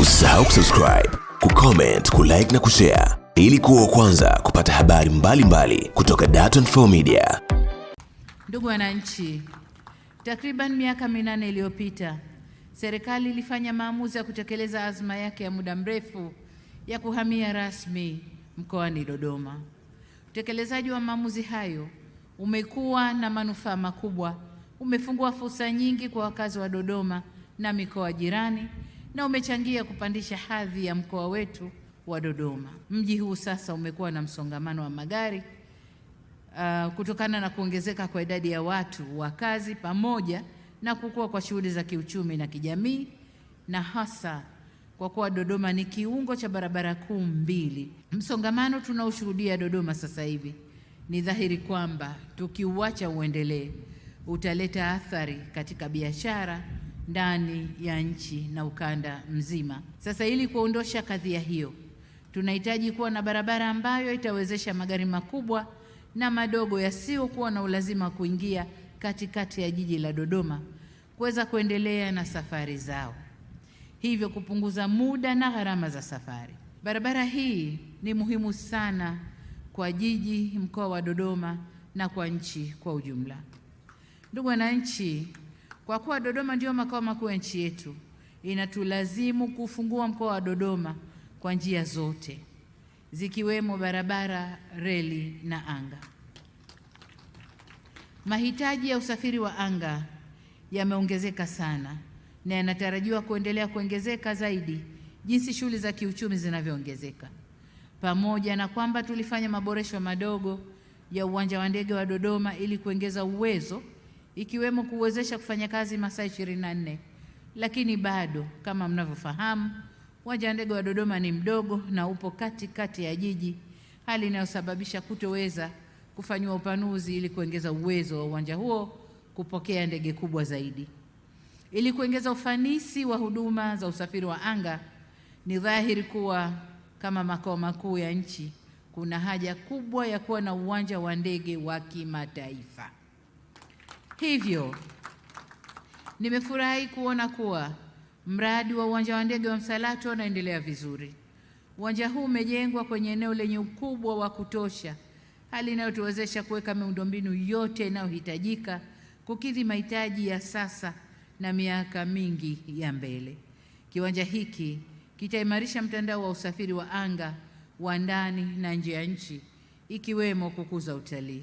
Usisahau kusubscribe, kucomment, kulike na kushare ili kuwa kwanza kupata habari mbalimbali mbali kutoka Dar24 Media. Ndugu wananchi, takriban miaka minane iliyopita serikali ilifanya maamuzi ya kutekeleza azma yake ya muda mrefu ya kuhamia rasmi mkoani Dodoma. Utekelezaji wa maamuzi hayo umekuwa na manufaa makubwa, umefungua fursa nyingi kwa wakazi wa Dodoma na mikoa jirani na umechangia kupandisha hadhi ya mkoa wetu wa Dodoma. Mji huu sasa umekuwa na msongamano wa magari uh, kutokana na kuongezeka kwa idadi ya watu wakazi, pamoja na kukua kwa shughuli za kiuchumi na kijamii, na hasa kwa kuwa Dodoma ni kiungo cha barabara kuu mbili. Msongamano tunaoshuhudia Dodoma sasa hivi, ni dhahiri kwamba tukiuacha uendelee utaleta athari katika biashara ndani ya nchi na ukanda mzima. Sasa ili kuondosha kadhia hiyo, tunahitaji kuwa na barabara ambayo itawezesha magari makubwa na madogo yasiyokuwa na ulazima wa kuingia katikati ya jiji la Dodoma kuweza kuendelea na safari zao, hivyo kupunguza muda na gharama za safari. Barabara hii ni muhimu sana kwa jiji, mkoa wa Dodoma na kwa nchi kwa ujumla. Ndugu wananchi, kwa kuwa Dodoma ndio makao makuu ya nchi yetu, inatulazimu kufungua mkoa wa Dodoma kwa njia zote zikiwemo barabara, reli na anga. Mahitaji ya usafiri wa anga yameongezeka sana na yanatarajiwa kuendelea kuongezeka zaidi jinsi shughuli za kiuchumi zinavyoongezeka. Pamoja na kwamba tulifanya maboresho madogo ya uwanja wa ndege wa Dodoma ili kuongeza uwezo ikiwemo kuwezesha kufanya kazi masaa 24 lakini bado kama mnavyofahamu uwanja wa ndege wa Dodoma ni mdogo na upo kati kati ya jiji, hali inayosababisha kutoweza kufanyiwa upanuzi ili kuongeza uwezo wa uwanja huo kupokea ndege kubwa zaidi. Ili kuongeza ufanisi wa huduma za usafiri wa anga, ni dhahiri kuwa kama makao makuu ya nchi kuna haja kubwa ya kuwa na uwanja wa ndege wa kimataifa. Hivyo nimefurahi kuona kuwa mradi wa uwanja wa ndege wa Msalato unaendelea vizuri. Uwanja huu umejengwa kwenye eneo lenye ukubwa wa kutosha, hali inayotuwezesha kuweka miundombinu yote inayohitajika kukidhi mahitaji ya sasa na miaka mingi ya mbele. Kiwanja hiki kitaimarisha mtandao wa usafiri wa anga wa ndani na nje ya nchi, ikiwemo kukuza utalii.